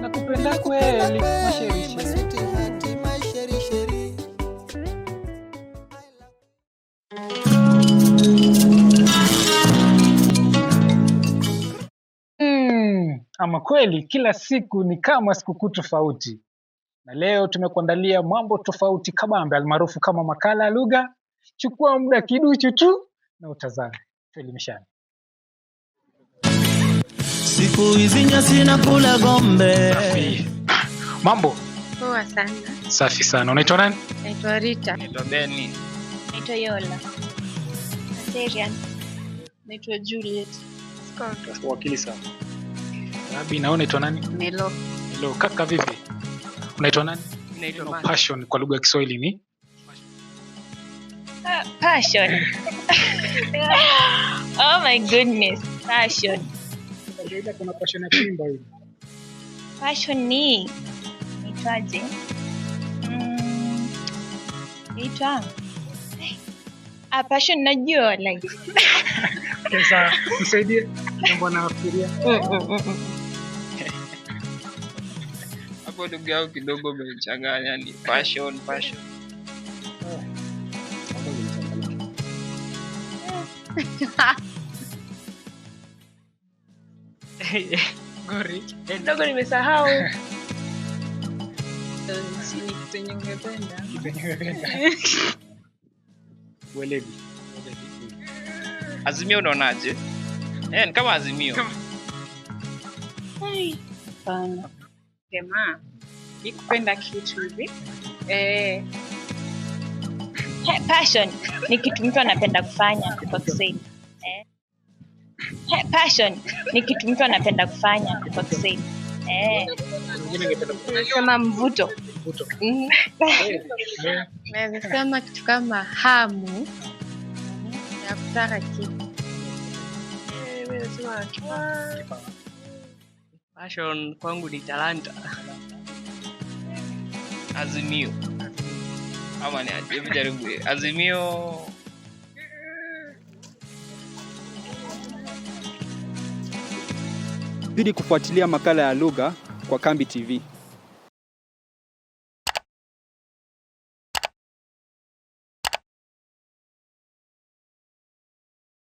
Nakupenda kweli hmm, Ama kweli kila siku ni kama sikukuu tofauti, na leo tumekuandalia mambo tofauti kabambe, almaarufu kama makala ya lugha. Chukua muda kiduchu tu na utazame tuelimishane. Siku hizi nyasi na kula gombe. Mambo? Poa sana. Safi sana. Unaitwa nani? Naitwa Rita. Naitwa Beni. Naitwa Yola. Serian. Naitwa Juliet. Scott. Wakili sana. Abi na unaitwa nani? Melo. Melo. Kaka vipi? Unaitwa nani? Naitwa no Passion kwa lugha ya Kiswahili ni? Passion. oh my goodness. Passion. Unajua kuna passion ya kuimba hivi. Passion ni itwaje? Mm, itwa Ah, passion najua like. Sasa msaidie mambo nafikiria. Mm, mm, mm, Hapo ndugu yao kidogo umechanganya ni passion, passion. Ah, ndogo nimesahau kitu azimio unaonaje eh, ni kama azimio jamaa mi kitu hivi eh. passion ni kitu mtu anapenda kufanya kwa kusema eh passion ni kitu mtu anapenda kufanya kwa kusema eh, kama mvuto mm. naweza sema kitu kama hamu ya kutaka kitu eh, passion kwangu ni talanta, azimio ama ni jaribu azimio Zidi kufuatilia makala ya lugha kwa Kambi TV.